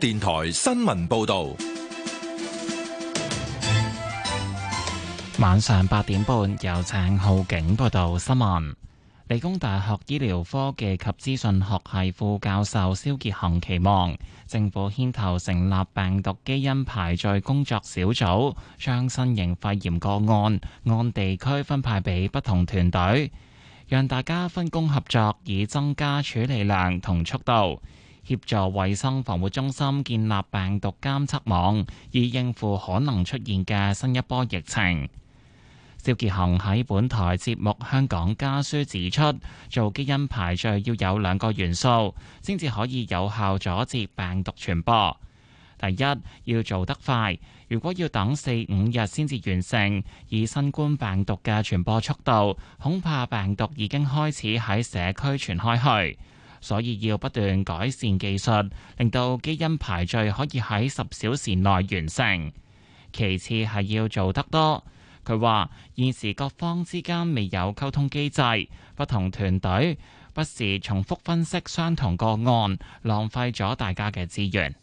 電台新聞報道，晚上八點半，有請浩景報道新聞。理工大學醫療科技及資訊學系副教授蕭傑恒期望，政府牽頭成立病毒基因排序工作小組，將新型肺炎個案按地區分派俾不同團隊，讓大家分工合作，以增加處理量同速度。協助衞生防護中心建立病毒監測網，以應付可能出現嘅新一波疫情。肖傑雄喺本台節目《香港家書》指出，做基因排序要有兩個元素，先至可以有效阻止病毒傳播。第一，要做得快。如果要等四五日先至完成，以新冠病毒嘅傳播速度，恐怕病毒已經開始喺社區傳開去。所以要不斷改善技術，令到基因排序可以喺十小時內完成。其次係要做得多。佢話現時各方之間未有溝通機制，不同團隊不時重複分析相同個案，浪費咗大家嘅資源。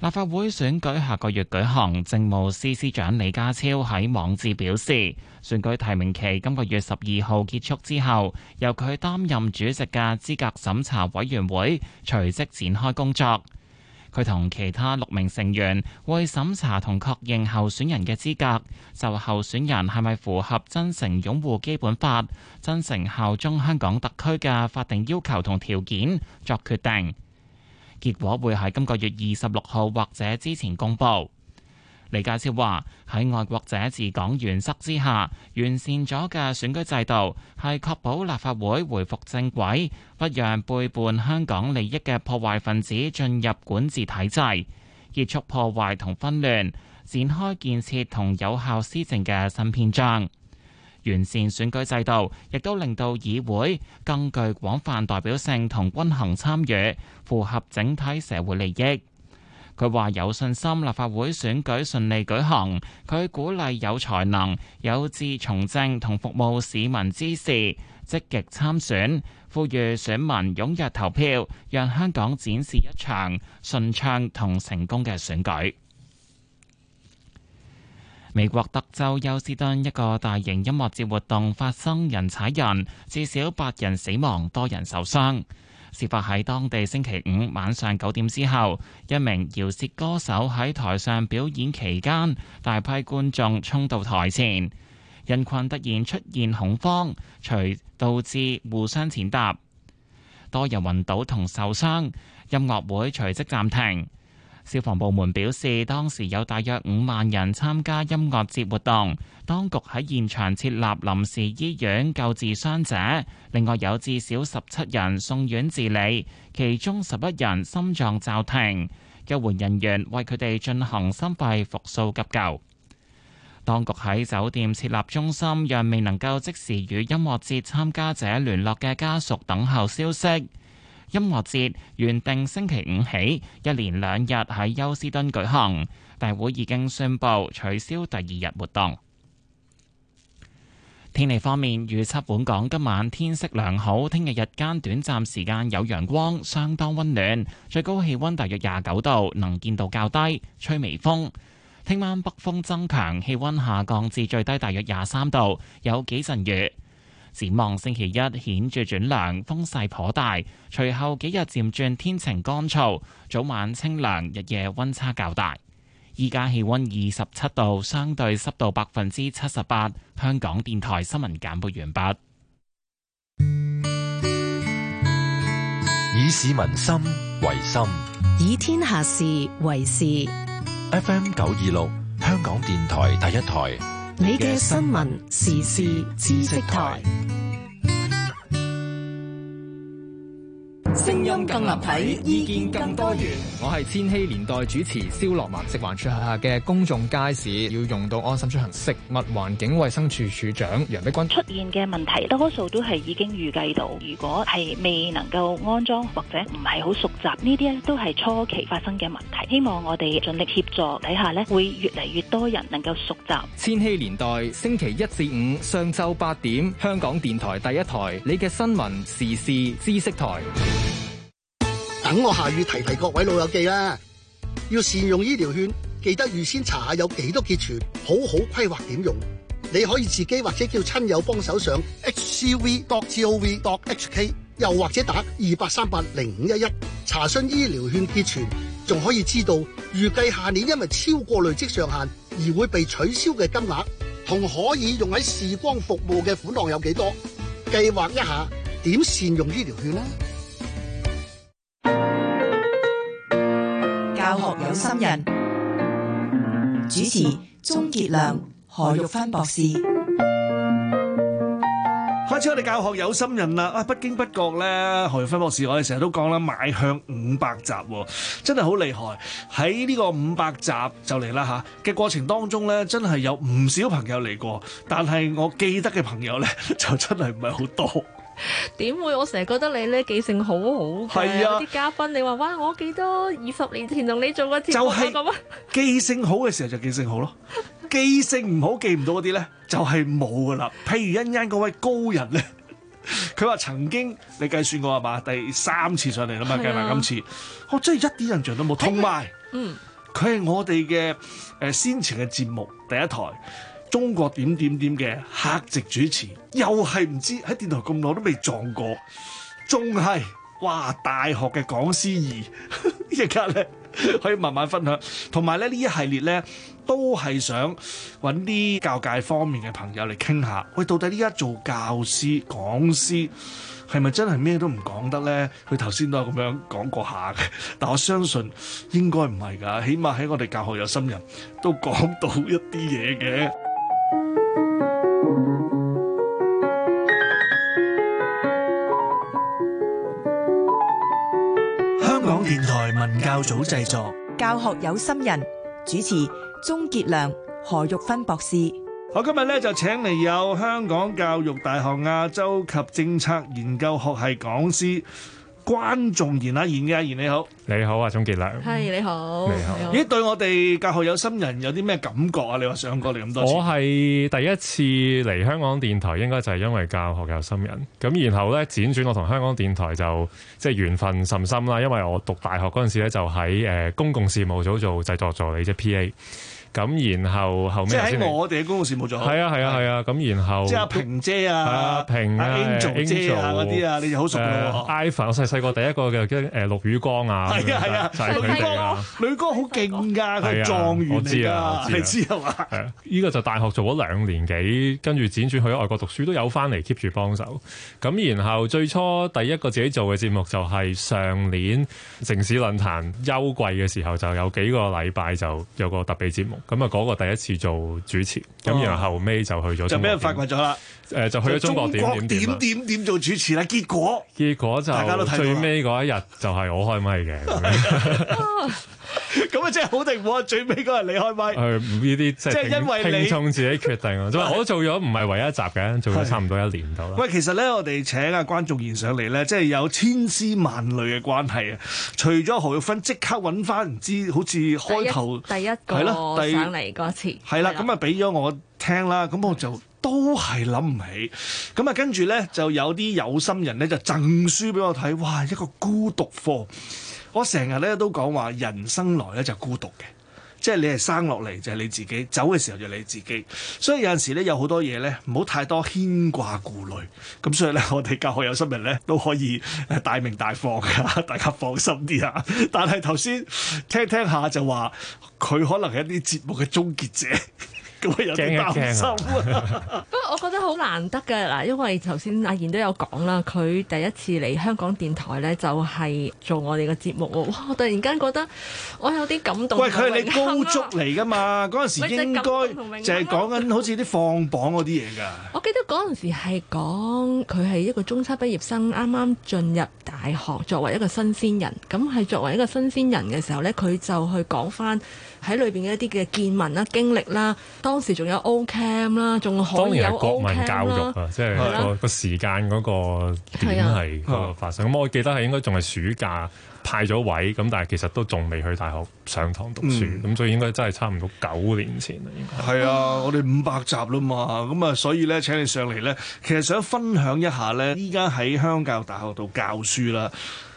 立法會選舉下個月舉行，政務司司長李家超喺網誌表示，選舉提名期今個月十二號結束之後，由佢擔任主席嘅資格審查委員會隨即展開工作。佢同其他六名成員會審查同確認候選人嘅資格，就候選人係咪符合真誠擁護基本法、真誠效忠香港特區嘅法定要求同條件作決定。結果會喺今個月二十六號或者之前公佈。李家超話，喺愛國者治港原則之下，完善咗嘅選舉制度係確保立法會回復正軌，不讓背叛香港利益嘅破壞分子進入管治體制，結束破壞同紛亂，展開建設同有效施政嘅新篇章。完善選舉制度，亦都令到議會更具廣泛代表性同均衡參與，符合整體社會利益。佢話有信心立法會選舉順利舉行。佢鼓勵有才能、有志從政同服務市民之士積極參選，呼籲選民踴躍投票，讓香港展示一場順暢同成功嘅選舉。美國德州休斯敦一個大型音樂節活動發生人踩人，至少八人死亡，多人受傷。事發喺當地星期五晚上九點之後，一名饒舌歌手喺台上表演期間，大批觀眾衝到台前，人群突然出現恐慌，遂導致互相踐踏，多人暈倒同受傷，音樂會隨即暫停。消防部門表示，當時有大約五萬人參加音樂節活動，當局喺現場設立臨時醫院救治傷者，另外有至少十七人送院治理，其中十一人心臟驟停，救援人員為佢哋進行心肺復甦急救。當局喺酒店設立中心，讓未能夠即時與音樂節參加者聯絡嘅家屬等候消息。音樂節原定星期五起一連兩日喺休斯敦舉行，大會已經宣佈取消第二日活動。天氣方面預測，預測本港今晚天色良好，聽日日間短暫時間有陽光，相當溫暖，最高氣溫大約廿九度，能見度較低，吹微風。聽晚北風增強，氣溫下降至最低大約廿三度，有幾陣雨。展望星期一顯著轉涼，風勢頗大。隨後幾日漸轉天晴乾燥，早晚清涼，日夜溫差較大。依家氣溫二十七度，相對濕度百分之七十八。香港電台新聞簡報完畢。以市民心為心，以天下事為事。FM 九二六，香港電台第一台。你嘅新聞時事知識台。聲音更立體，意見更多元。我係千禧年代主持蕭樂文，食環署轄下嘅公眾街市要用到安心出行，食物環境衛生署署長楊碧君出現嘅問題，多數都係已經預計到。如果係未能夠安裝或者唔係好熟習，呢啲咧都係初期發生嘅問題。希望我哋盡力協助底下咧，會越嚟越多人能夠熟習。千禧年代星期一至五上晝八點，香港電台第一台你嘅新聞時事知識台。等我下雨提提各位老友記啦，要善用醫療券，記得預先查下有幾多結存，好好規劃點用。你可以自己或者叫親友幫手上 hcv.gov.hk，又或者打二八三八零五一一查詢醫療券結存，仲可以知道預計下年因為超過累積上限而會被取消嘅金額，同可以用喺視光服務嘅款項有幾多，計劃一下點善用醫療券啦。教學有心人，主持鍾杰亮、何玉芬博士。開始我哋教學有心人啦，啊，不經不覺咧，何玉芬博士我，我哋成日都講啦，邁向五百集，哦，真係好厲害。喺呢個五百集就嚟啦吓嘅過程當中咧，真係有唔少朋友嚟過，但係我記得嘅朋友咧，就真係唔係好多。點會？我成日覺得你咧記性好好嘅，啲、啊、嘉賓你話哇，我記得二十年前同你做過節目咁啊！就記性好嘅時候就記性好咯， 記性唔好記唔到嗰啲咧就係冇噶啦。譬如恩恩嗰位高人咧，佢 話曾經你計算過係嘛？第三次上嚟啦嘛，計埋今次，我真係一啲印象都冇。同埋、啊，有嗯，佢係我哋嘅誒先前嘅節目第一台。中國點點點嘅客席主持，又係唔知喺電台咁耐都未撞過，仲係哇大學嘅講師而，而家咧可以慢慢分享，同埋咧呢一系列咧都係想搵啲教界方面嘅朋友嚟傾下，喂到底呢家做教師講師係咪真係咩都唔講得咧？佢頭先都係咁樣講過下嘅，但我相信應該唔係噶，起碼喺我哋教學有心人都講到一啲嘢嘅。文教組製作，教學有心人主持，鍾傑良、何玉芬博士。我今日咧就請嚟有香港教育大學亞洲及政策研究學系講師。關仲然，阿然嘅阿然你好，你好啊，鍾傑良，係你好，你好，咦，Hi, 好對我哋教學有心人有啲咩感覺啊？你話上過嚟咁多次我係第一次嚟香港電台，應該就係因為教學有心人咁，然後咧輾轉我同香港電台就即係緣分甚深啦。因為我讀大學嗰陣時咧就喺誒公共事務組做製作助理即係，P A。就是 PA 咁然後後咩先？即喺我哋嘅公共事務組。係啊係啊係啊！咁然後即阿平姐啊，阿平 Angel 姐啊嗰啲啊，你就好熟嘅 iPhone，我細細個第一個嘅誒陸宇光啊，係啊係啊，就係佢哋啊。呂哥好勁㗎，佢狀元嚟㗎，你知道嘛？係啊，呢個就大學做咗兩年幾，跟住輾轉去外國讀書都有翻嚟 keep 住幫手。咁然後最初第一個自己做嘅節目就係上年城市論壇休季嘅時候，就有幾個禮拜就有個特別節目。咁啊，嗰個第一次做主持，咁、哦、然後後尾就去咗就俾人發掘咗啦。誒就去咗中，中國點點點，點點做主持啦！結果結果就大家都睇最尾嗰一日就係我開麥嘅，咁啊即係好定唔好啊！最尾嗰日你開麥，呢啲即係因為你聽眾自己決定啊！即係 我做咗唔係唯一集嘅，做咗差唔多一年到啦。喂， 其實咧，我哋請阿關仲然上嚟咧，即係有千絲萬縷嘅關係啊！除咗何玉芬，即刻揾翻唔知好似開頭第一係咯，第一個上嚟嗰次係啦，咁啊俾咗我聽啦，咁我就。都係諗唔起，咁啊，跟住呢，就有啲有心人呢就贈書俾我睇，哇，一個孤獨課，我成日呢都講話人生來呢就是孤獨嘅，即係你係生落嚟就係是你自己，走嘅時候就你自己，所以有陣時呢有好多嘢呢唔好太多牽掛顧慮，咁所以呢，我哋教學有心人呢都可以大鳴大放，大家放心啲啊，但係頭先聽聽下就話佢可能係一啲節目嘅終結者。咁啊，有啲擔心。 不過我覺得好難得嘅嗱，因為頭先阿賢都有講啦，佢第一次嚟香港電台呢，就係做我哋嘅節目喎。哇！我突然間覺得我有啲感動。喂，佢係你高足嚟㗎嘛？嗰陣 時應該就係講緊好似啲放榜嗰啲嘢㗎。 我記得嗰陣時係講佢係一個中七畢業生，啱啱進入大學，作為一個新鮮人。咁係作為一個新鮮人嘅時候呢，佢就去講翻。喺裏邊嘅一啲嘅見聞啦、經歷啦，當時仲有 O Cam 啦，仲可以有 O Cam，當然係國民教育啊，即係、嗰個、啊、個時間嗰個點係發生。咁、啊、我記得係應該仲係暑假派咗位，咁但係其實都仲未去大學上堂讀書，咁、嗯、所以應該真係差唔多九年前啦。應該係啊，我哋五百集啦嘛，咁啊，所以咧請你上嚟咧，其實想分享一下咧，依家喺香港教育大學度教書啦，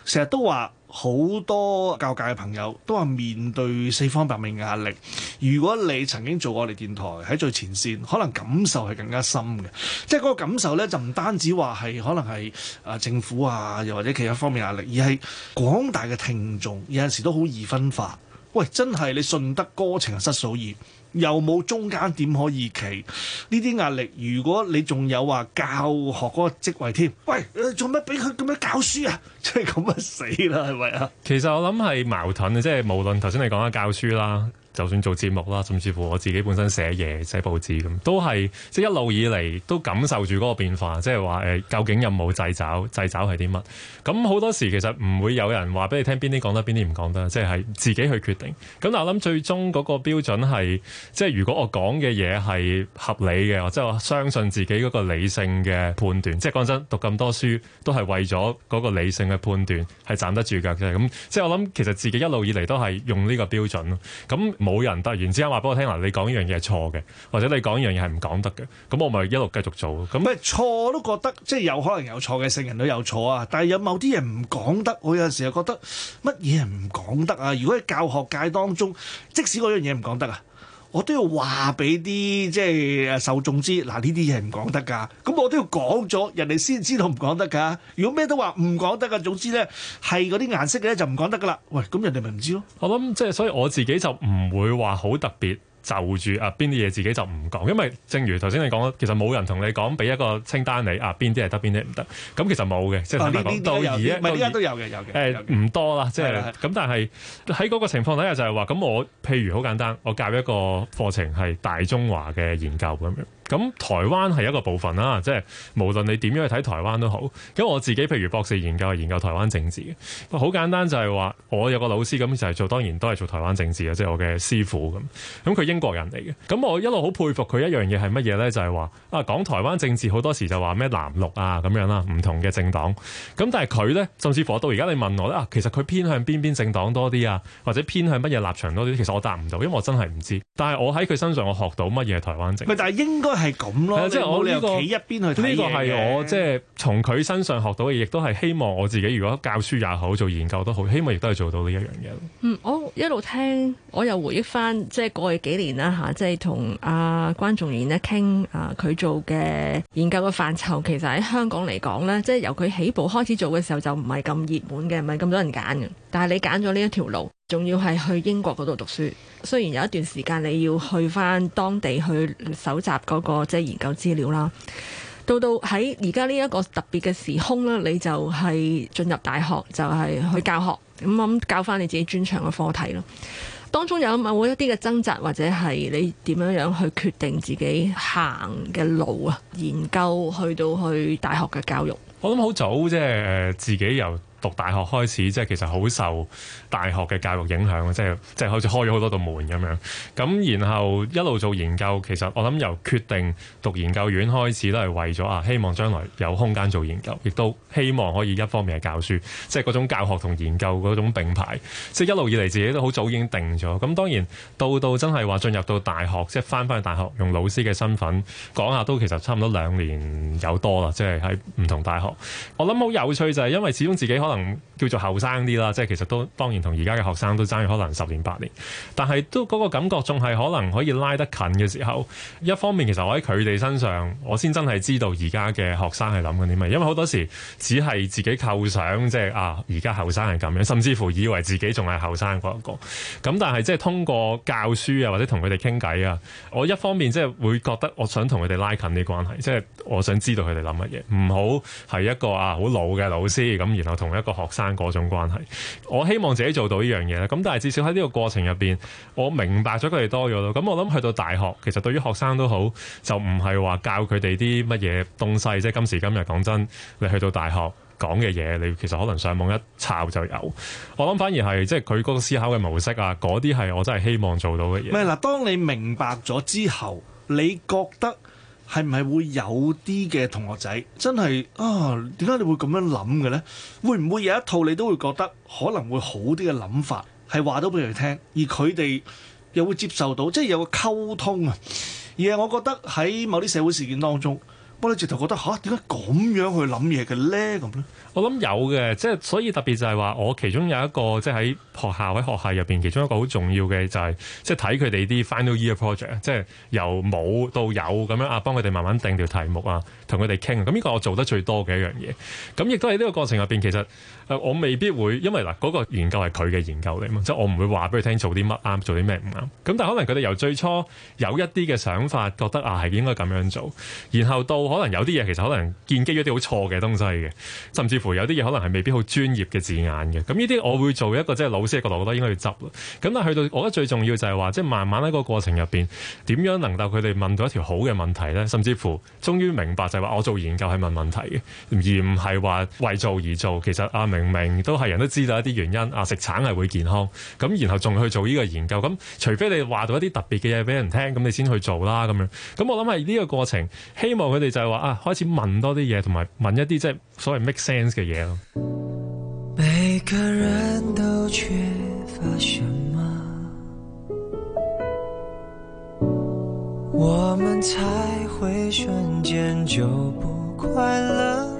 成日都話。好多教界嘅朋友都話面對四方八面嘅壓力。如果你曾經做過我哋電台喺最前線，可能感受係更加深嘅，即係嗰個感受咧，就唔單止話係可能係啊政府啊，又或者其他方面壓力，而係廣大嘅聽眾有陣時都好易分化。喂，真係你順得哥情失嫂意，又冇中間點可以企。呢啲壓力，如果你仲有話教學嗰個職位添，喂，做乜俾佢咁樣教書啊？真係咁啊死啦，係咪啊？其實我諗係矛盾嘅，即係無論頭先你講啊教書啦。就算做節目啦，甚至乎我自己本身寫嘢、寫報紙，咁，都係即係一路以嚟都感受住嗰個變化，即係話誒究竟有冇掣肘？掣肘係啲乜？咁好多時其實唔會有人話俾你聽邊啲講得，邊啲唔講得，即係自己去決定。咁但係我諗最終嗰個標準係，即係如果我講嘅嘢係合理嘅，即係我相信自己嗰個理性嘅判斷，即係講真，讀咁多書都係為咗嗰個理性嘅判斷係站得住腳嘅。咁即係我諗其實自己一路以嚟都係用呢個標準咯。咁冇人得，然之後話俾我聽話，你講呢樣嘢係錯嘅，或者你講呢樣嘢係唔講得嘅，咁我咪一路繼續做。咁咩錯都覺得，即係有可能有錯嘅聖人，都有錯啊。但係有某啲人唔講得，我有陣時又覺得乜嘢係唔講得啊？如果喺教學界當中，即使嗰樣嘢唔講得啊。我都要話俾啲即係受眾知，嗱呢啲嘢唔講得噶，咁我都要講咗，人哋先知道唔講得噶。如果咩都話唔講得噶，總之咧係嗰啲顏色嘅咧就唔講得噶啦。喂，咁人哋咪唔知咯。我諗即係所以我自己就唔會話好特別。就住啊，邊啲嘢自己就唔講，因為正如頭先你講，其實冇人同你講俾一個清單你啊，邊啲係得，邊啲唔得。咁其實冇嘅，即係唔係講到而家都有嘅，有嘅。誒唔、呃、的多啦，即係咁。就是、的但係喺嗰個情況底下就係話，咁我譬如好簡單，我教一個課程係大中華嘅研究咁樣。咁台灣係一個部分啦，即係無論你點樣去睇台灣都好。咁我自己譬如博士研究係研究台灣政治嘅，好簡單就係話我有個老師咁就係做，當然都係做台灣政治嘅，即係我嘅師傅咁。咁佢英國人嚟嘅，咁我一路好佩服佢一樣嘢係乜嘢呢？就係、是、話啊，講台灣政治好多時就話咩藍綠啊咁樣啦，唔同嘅政黨。咁但係佢呢，甚至乎我到而家你問我咧、啊，其實佢偏向邊邊政黨多啲啊，或者偏向乜嘢立場多啲？其實我答唔到，因為我真係唔知。但係我喺佢身上我學到乜嘢係台灣政治？咪但係應該。係咁咯，即係我呢個呢個係我即係從佢身上學到嘅，亦都係希望我自己如果教書也好，做研究都好，希望亦都係做到呢一樣嘢。嗯，我一路聽，我又回憶返，即係過去幾年啦吓、啊，即係同阿關仲然咧傾啊，佢、呃、做嘅研究嘅範疇其實喺香港嚟講咧，即係由佢起步開始做嘅時候就唔係咁熱門嘅，唔係咁多人揀嘅。但係你揀咗呢一條路。仲要係去英國嗰度讀書，雖然有一段時間你要去翻當地去搜集嗰個即係研究資料啦。到到喺而家呢一個特別嘅時空咧，你就係進入大學，就係去教學，咁咁教翻你自己專長嘅課題咯。當中有某一啲嘅掙扎，或者係你點樣樣去決定自己行嘅路啊？研究去到去大學嘅教育，我諗好早即係自己又。讀大學開始，即係其實好受大學嘅教育影響，即係即係好似開咗好多道門咁樣。咁然後一路做研究，其實我諗由決定讀研究院開始都，都係為咗啊，希望將來有空間做研究，亦都希望可以一方面係教書，即係嗰種教學同研究嗰種並排。即係一路以嚟自己都好早已經定咗。咁當然到到真係話進入到大學，即係翻返去大學用老師嘅身份講下，都其實差唔多兩年有多啦。即係喺唔同大學，我諗好有趣就係因為始終自己可能叫做後生啲啦，即係其實都當然同而家嘅學生都爭，可能十年八年，但係都嗰個感覺仲係可能可以拉得近嘅時候。一方面，其實我喺佢哋身上，我先真係知道而家嘅學生係諗緊啲乜，因為好多時只係自己構想，即係啊，而家後生係咁樣，甚至乎以為自己仲係後生嗰個。咁但係即係通過教書啊，或者同佢哋傾偈啊，我一方面即係會覺得我想同佢哋拉近啲關係，即係我想知道佢哋諗乜嘢，唔好係一個啊好老嘅老師咁，然後同一個學生嗰種關係，我希望自己做到呢樣嘢咧。咁但係至少喺呢個過程入邊，我明白咗佢哋多咗咯。咁我諗去到大學，其實對於學生都好，就唔係話教佢哋啲乜嘢東西。即係今時今日，講真，你去到大學講嘅嘢，你其實可能上網一查就有。我諗反而係即係佢嗰個思考嘅模式啊，嗰啲係我真係希望做到嘅嘢。咪嗱，當你明白咗之後，你覺得？係唔係會有啲嘅同學仔真係啊？點解你會咁樣諗嘅呢？會唔會有一套你都會覺得可能會好啲嘅諗法，係話到俾佢哋聽，而佢哋又會接受到，即係有個溝通啊？而係我覺得喺某啲社會事件當中。我咧，直頭覺得嚇，點解咁樣去諗嘢嘅咧？咁咧，我諗有嘅，即係所以特別就係話，我其中有一個即係喺學校喺學校入邊，其中一個好重要嘅就係即係睇佢哋啲 final year project，即係由冇到有咁樣啊，幫佢哋慢慢定條題目啊，同佢哋傾啊，咁呢個我做得最多嘅一樣嘢，咁亦都喺呢個過程入邊其實。我未必會，因為嗱，嗰個研究係佢嘅研究嚟嘛，即係我唔會話俾佢聽做啲乜啱，做啲咩唔啱。咁但係可能佢哋由最初有一啲嘅想法，覺得啊係應該咁樣做，然後到可能有啲嘢其實可能建基於啲好錯嘅東西嘅，甚至乎有啲嘢可能係未必好專業嘅字眼嘅。咁呢啲我會做一個即係老師嘅角度，覺得我應該要執咯。咁但去到我覺得最重要就係話，即係慢慢喺個過程入邊，點樣能夠佢哋問到一條好嘅問題咧？甚至乎終於明白就係話，我做研究係問問題嘅，而唔係話為做而做。其實阿明。明明都係人都知道一啲原因啊，食橙係會健康，咁然後仲去做呢個研究，咁除非你話到一啲特別嘅嘢俾人聽，咁你先去做啦，咁樣。咁我諗係呢個過程，希望佢哋就係話啊，開始問多啲嘢，同埋問一啲即係所謂 make sense 嘅嘢咯。每個人都缺乏什麼，我哋才會瞬間就不快樂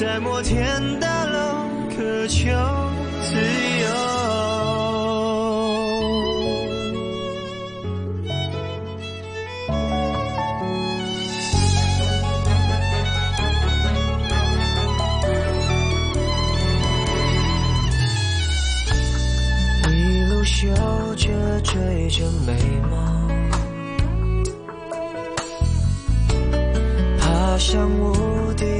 在摩天大樓渴求自由， 一路修着追着美夢，爬上屋頂。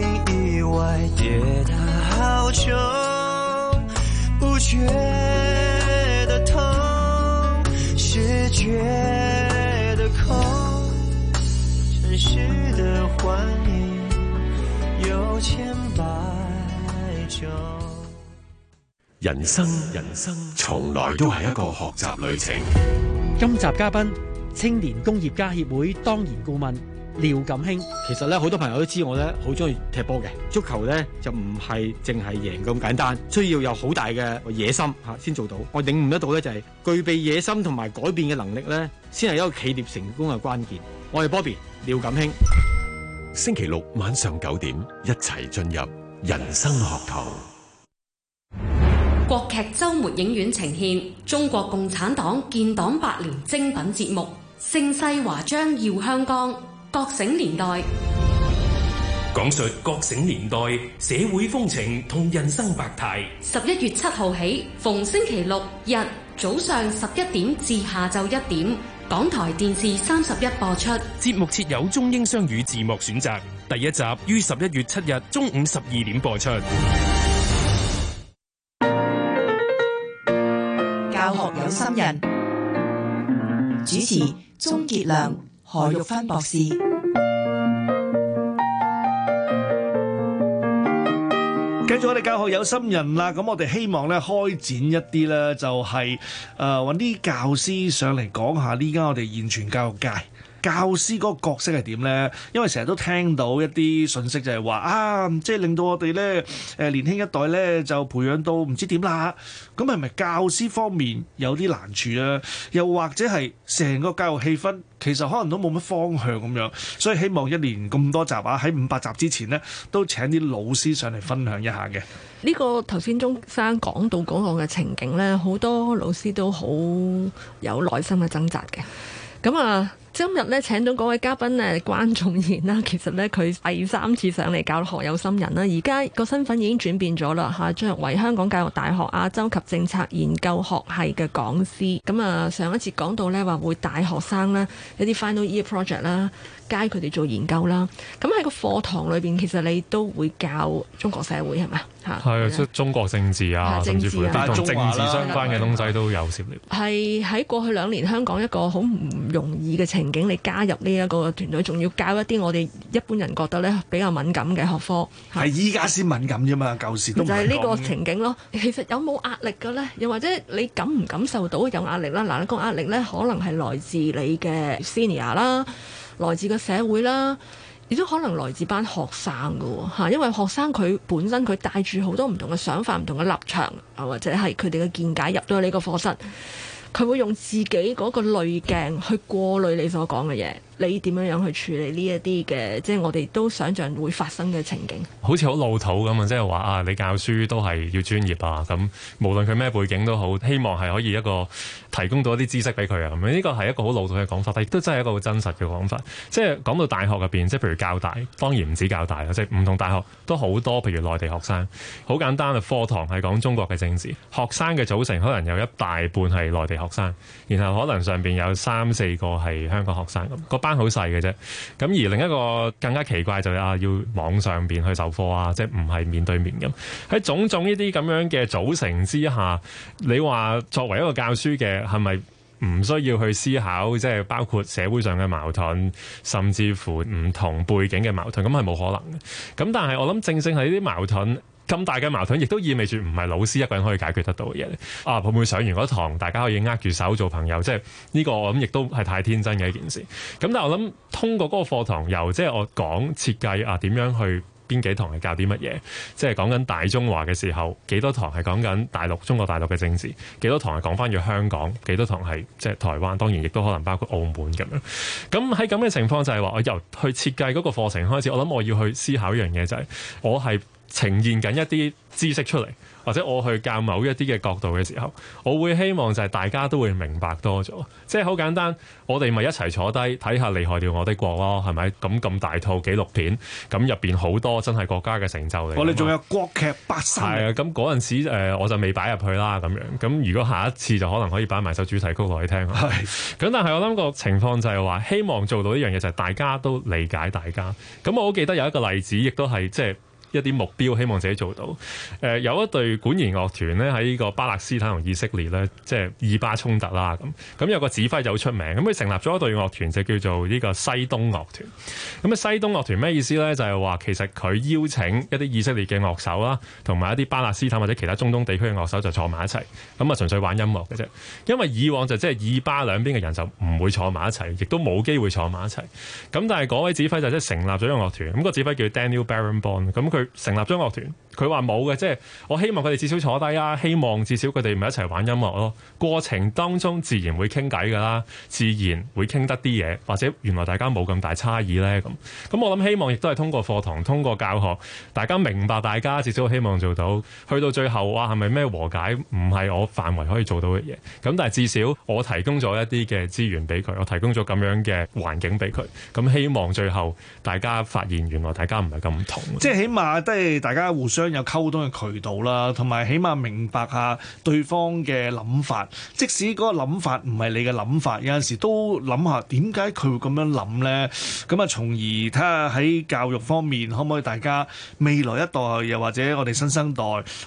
人生，人生從來都係一個學習旅程。今集嘉賓，青年工業家協會當然顧問。廖錦興其實咧，好多朋友都知我咧，好中意踢波嘅足球咧，就唔係淨係贏咁簡單，需要有好大嘅野心吓，先、啊、做到。我領悟得到咧，就係、是、具備野心同埋改變嘅能力咧，先係一個企業成功嘅關鍵。我係 Bobby 廖錦興，星期六晚上九點一齊進入人生學堂。國劇周末影院呈現中國共產黨建黨百年精品節目《盛世華章耀香江》。覺醒年代，講述覺醒年代社會風情同人生百態。十一月七號起，逢星期六日早上十一點至下晝一點，港台電視三十一播出。節目設有中英雙語字幕選擇。第一集於十一月七日中午十二點播出。教學有心人，主持鍾傑良。何玉芬博士，繼續我哋教學有心人啦，咁我哋希望咧開展一啲咧、就是，就係誒揾啲教師上嚟講下呢間我哋現存教育界。教師嗰個角色係點呢？因為成日都聽到一啲訊息，就係話啊，即係令到我哋呢誒年輕一代呢，就培養到唔知點啦。咁係咪教師方面有啲難處啊？又或者係成個教育氣氛其實可能都冇乜方向咁樣，所以希望一年咁多集啊，喺五百集之前呢，都請啲老師上嚟分享一下嘅呢個頭先，鐘生講到嗰個嘅情景呢，好多老師都好有耐心嘅掙扎嘅咁啊。今日咧請到嗰位嘉賓咧關仲然啦，其實咧佢第三次上嚟教學有心人啦，而家個身份已經轉變咗啦嚇，將為香港教育大學亞洲及政策研究學系嘅講師。咁啊，上一次講到咧話會帶學生啦，一啲 final year project 啦，教佢哋做研究啦。咁喺個課堂裏邊，其實你都會教中國社會係嘛嚇？係出中國政治啊，甚至乎政治同、啊、政治相關嘅東西都有涉獵。係喺過去兩年香港一個好唔容易嘅情。景，你加入呢一個團隊，仲要教一啲我哋一般人覺得呢比較敏感嘅學科，係依家先敏感啫嘛，舊時就係呢個情景咯。其實有冇壓力嘅呢？又或者你感唔感受到有壓力啦？嗱，呢個壓力呢，可能係來自你嘅 senior 啦，來自個社會啦，亦都可能來自班學生嘅喎吓。因為學生佢本身佢帶住好多唔同嘅想法、唔同嘅立場，或者係佢哋嘅見解入到呢個課室。佢會用自己嗰個濾鏡去過濾你所講嘅嘢。你點樣樣去處理呢一啲嘅，即係我哋都想象會發生嘅情景，好似好老土咁啊！即係話啊，你教書都係要專業啊，咁無論佢咩背景都好，希望係可以一個提供到一啲知識俾佢啊！咁呢個係一個好老土嘅講法，但係都真係一個好真實嘅講法。即係講到大學入邊，即係譬如教大，當然唔止教大啦，即係唔同大學都好多。譬如內地學生，好簡單嘅課堂係講中國嘅政治，學生嘅組成可能有一大半係內地學生，然後可能上邊有三四個係香港學生咁班好細嘅啫，咁而，而另一個更加奇怪就係啊，要網上邊去授課啊，即係唔係面對面咁。喺種種呢啲咁樣嘅組成之下，你話作為一個教書嘅，係咪唔需要去思考，即係包括社會上嘅矛盾，甚至乎唔同背景嘅矛盾，咁係冇可能嘅。咁但係我諗，正正係呢啲矛盾。咁大嘅矛盾，亦都意味住唔係老師一個人可以解決得到嘅嘢。啊，會唔會上完嗰堂，大家可以握住手做朋友？即係呢個我諗亦都係太天真嘅一件事。咁但係我諗通過嗰個課堂，由即係我講設計啊，點樣去邊幾堂係教啲乜嘢？即係講緊大中華嘅時候，幾多堂係講緊大陸中國大陸嘅政治？幾多堂係講翻要香港？幾多堂係即係台灣，當然亦都可能包括澳門咁樣。咁喺咁嘅情況就係話，我由去設計嗰個課程開始，我諗我要去思考一樣嘢，就係我係。呈現緊一啲知識出嚟，或者我去教某一啲嘅角度嘅時候，我會希望就係大家都會明白多咗。即係好簡單，我哋咪一齊坐低睇下看看厲害掉我的國咯，係咪？咁咁大套紀錄片，咁入邊好多真係國家嘅成就嚟。我哋仲有國劇八世。係啊，咁嗰陣時、呃、我就未擺入去啦，咁樣。咁如果下一次就可能可以擺埋首主題曲落去聽。係。咁的但係我諗個情況就係話，希望做到一樣嘢就係大家都理解大家。咁我好記得有一個例子，亦都係即係。一啲目標希望自己做到。誒、呃、有一隊管弦樂團咧，喺個巴勒斯坦同以色列咧，即、就、係、是、以巴衝突啦咁。咁有個指揮就有出名，咁佢成立咗一隊樂團就叫做呢個西東樂團。咁啊西東樂團咩意思咧？就係、是、話其實佢邀請一啲以色列嘅樂手啦，同埋一啲巴勒斯坦或者其他中東地區嘅樂手就坐埋一齊。咁啊純粹玩音樂嘅啫。因為以往就即係以巴兩邊嘅人就唔會坐埋一齊，亦都冇機會坐埋一齊。咁但係嗰位指揮就即係成立咗一個樂團。咁個指揮叫 Daniel Barenboim。咁佢佢成立咗樂團。佢話冇嘅，即係我希望佢哋至少坐低啊，希望至少佢哋唔係一齊玩音樂咯。過程當中自然會傾偈㗎啦，自然會傾得啲嘢，或者原來大家冇咁大差異咧。咁咁我諗希望亦都係通過課堂、通過教學，大家明白。大家至少希望做到去到最後哇，係咪咩和解，唔係我範圍可以做到嘅嘢。咁但係至少我提供咗一啲嘅資源俾佢，我提供咗咁樣嘅環境俾佢。咁希望最後大家發現原來大家唔係咁唔同。即係起碼都係大家互相。有溝通嘅渠道啦，同埋起碼明白下對方嘅諗法，即使嗰個諗法唔係你嘅諗法，有陣時都諗下點解佢會咁樣諗呢。咁啊，從而睇下喺教育方面可唔可以大家未來一代又或者我哋新生代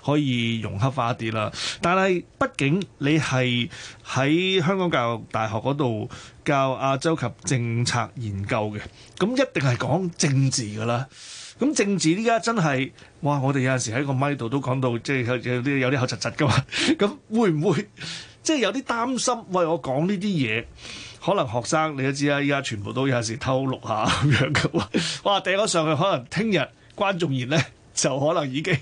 可以融洽化啲啦。但係畢竟你係喺香港教育大學嗰度教亞洲及政策研究嘅，咁一定係講政治噶啦。咁政治呢家真係，哇！我哋有陣時喺個咪度都講到，即係有啲有啲口窒窒㗎嘛。咁會唔會即係有啲擔心？喂，我講呢啲嘢，可能學生你都知啦，依家全部都有陣時偷錄下咁樣㗎喎。哇！掟咗上去，可能聽日關仲然咧，就可能已經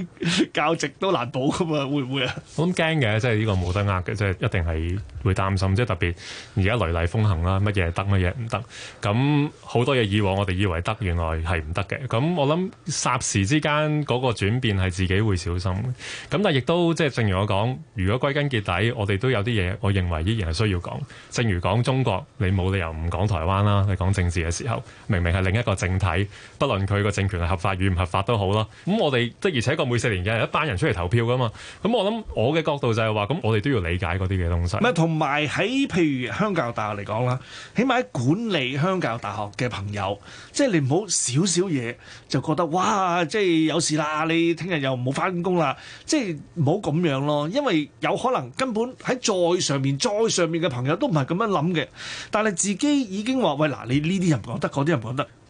教職都難保㗎嘛，會唔會啊？咁驚嘅，即係呢個冇得呃嘅，即係一定係會擔心。即係特別而家雷厲風行啦，乜嘢得，乜嘢唔得。咁好多嘢以往我哋以為得，原來係唔得嘅。咁我諗霎時之間嗰個轉變係自己會小心。咁但係亦都即係正如我講，如果歸根結底，我哋都有啲嘢，我認為依然係需要講。正如講中國，你冇理由唔講台灣啦。你講政治嘅時候，明明係另一個政體，不論佢個政權係合法與唔合法都好啦。嗯我哋的而且確每四年有一班人出嚟投票噶嘛，咁我諗我嘅角度就係話，咁我哋都要理解嗰啲嘅東西。唔係同埋喺譬如香港教育大學嚟講啦，起碼喺管理香港教育大學嘅朋友，即係你唔好少少嘢就覺得哇，即係有事啦，你聽日又唔好翻工啦，即係唔好咁樣咯，因為有可能根本喺再上面、再上面嘅朋友都唔係咁樣諗嘅，但係自己已經話喂嗱，你呢啲人唔覺得，嗰啲人唔覺得。咁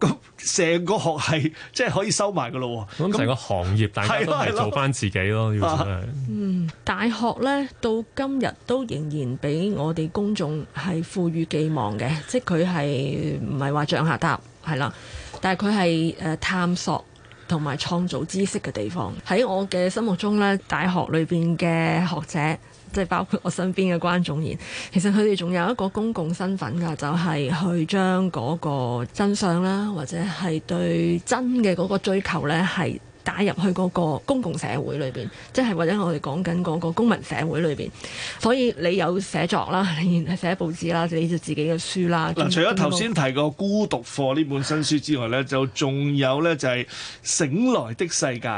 成個學系，即係可以收埋噶咯喎，成個行業那，大家都做翻自己咯，要真係。啊、嗯，大學呢，到今日都仍然俾我哋公眾係賦予寄望嘅，即係佢係唔係話上下搭係啦，但係佢係誒探索同埋創造知識嘅地方。喺我嘅心目中呢，大學裏邊嘅學者。即係包括我身邊嘅觀眾，言其實佢哋仲有一個公共身份噶就係去將嗰個真相啦，或者係對真嘅嗰個追求咧，係打入去嗰個公共社會裏邊，即係或者我哋講緊嗰個公民社會裏邊。所以你有寫作啦，然寫報紙啦，你就自己嘅書啦。嗱，除咗頭先提過孤獨課呢本新書之外咧，就仲有咧就係《醒來的世界》。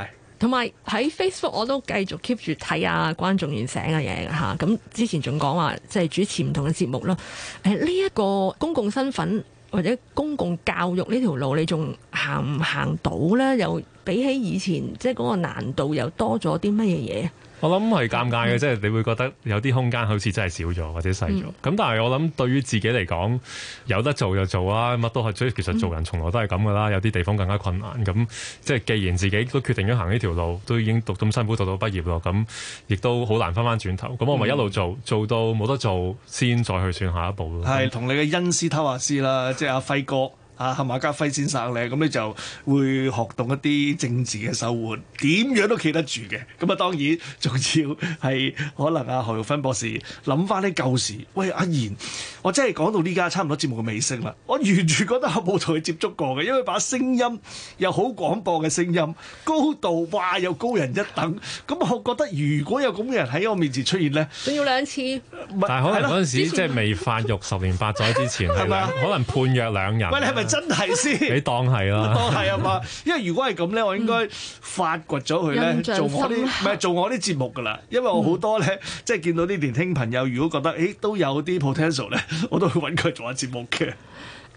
同埋喺 Facebook 我都繼續 keep 住睇下觀眾完成嘅嘢嚇。咁、啊、之前仲講話即係主持唔同嘅節目咯。誒呢一個公共身份或者公共教育呢條路，你仲行唔行到呢？又比起以前，即係嗰個難度又多咗啲乜嘢嘢？我諗係尷尬嘅，即係、嗯、你會覺得有啲空間好似真係少咗或者細咗。咁、嗯、但係我諗對於自己嚟講，有得做就做啦，乜都係。其實做人從來都係咁噶啦。有啲地方更加困難。咁即係既然自己都決定咗行呢條路，都已經讀咁辛苦讀到畢業咯。咁亦都好難翻翻轉頭。咁我咪一路做，做到冇得做先再去算下一步咯。係同、嗯、那你嘅恩師偷下師啦，即、就、係、是、阿輝哥。啊，馬家輝先生咧，咁你就會學懂一啲政治嘅手腕，點樣都企得住嘅。咁啊，當然仲要係可能啊何玉芬博士諗翻啲舊時。喂，阿賢，我真係講到呢家差唔多節目嘅尾聲啦，我完全覺得冇同佢接觸過嘅，因為把聲音又好廣播嘅聲音，高度哇又高人一等。咁我覺得如果有咁嘅人喺我面前出現咧，你要兩次。但係可能嗰陣時即係未發育十年八載之前係咪啊？可能判若兩人。真係先， 你當係是啊？當係啊嘛。因為如果係咁咧，我應該發掘咗佢咧，嗯、做我啲唔係做我啲節目噶啦。因為我好多咧，即係見到啲年輕朋友，如果覺得誒、欸、都有啲 potential 咧，我都會揾佢做下節目嘅。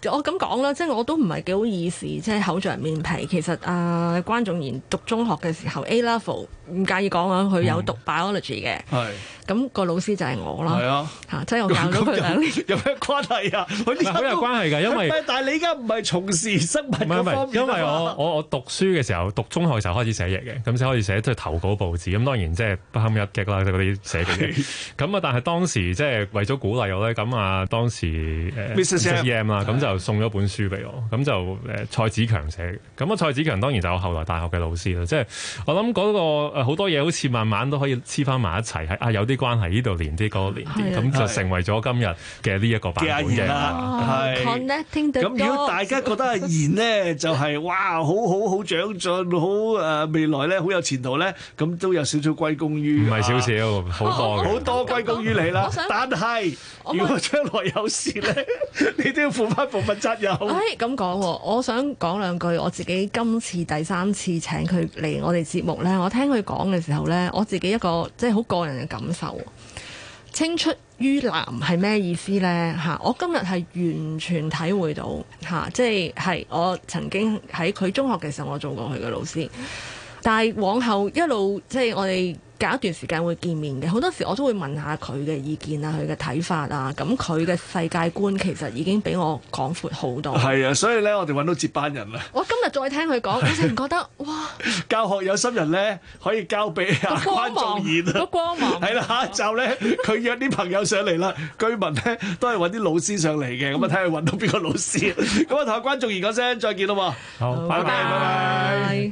我咁講啦，即係我都唔係幾好意思，即係口嚼面皮。其實啊，關仲然讀中學嘅時候，A level 唔介意講啊，佢有讀 biology 嘅。係。咁個老師就係我啦。係啊。嚇，即係我教咗佢啦。有咩關係啊？佢咪好有關係㗎，因為。但係你而家唔係從事生物嗰方面，唔係，因為我我我讀書嘅時候，讀中學嘅時候開始寫嘢嘅，咁先開始寫即係投稿報紙。咁當然即係不堪一擊啦，就佢哋寫嘅嘢。咁啊，但係當時即係為咗鼓勵我咧，咁啊當時誒。m 咁就送咗本書俾我，咁就誒蔡子強寫咁，啊蔡子強當然就有後來大學嘅老師啦，即、就、係、是、我諗嗰、那個、呃、多好多嘢好似慢慢都可以黐翻埋一齊，係啊有啲關係呢度連啲嗰、那個、連啲，咁就成為咗今日嘅呢一個版本嘅。係咁、嗯嗯、如果大家覺得阿然呢、就是，就係哇好好好，好長進，好誒、呃、未來咧好有前途咧，咁都有少少歸功於唔、啊、係少少，好多好多歸功於你啦。我我但係如果將來有事咧，你都要負翻。冇乜責任。誒、哎，咁講喎，我想講兩句。我自己今次第三次請佢嚟我哋節目呢，我聽佢講嘅時候呢，我自己一個即係好個人嘅感受。青出於藍係咩意思呢？嚇，我今日係完全體會到嚇，即係係我曾經喺佢中學嘅時候，我做過佢嘅老師，但係往後一路即係我哋。隔一段時間會見面嘅，好多時我都會問下佢嘅意見啊、佢嘅睇法啊，咁佢嘅世界觀其實已經比我廣闊好多。係啊，所以咧我哋揾到接班人啦。我今日再聽佢講，你唔覺得哇？教學有心人咧，可以交俾阿關仲然。好光芒。係啦，下一集咧佢約啲朋友上嚟啦，居民咧都係揾啲老師上嚟嘅，咁啊睇佢揾到邊個老師。咁啊同阿關仲然講聲再見啦嘛。好，拜拜。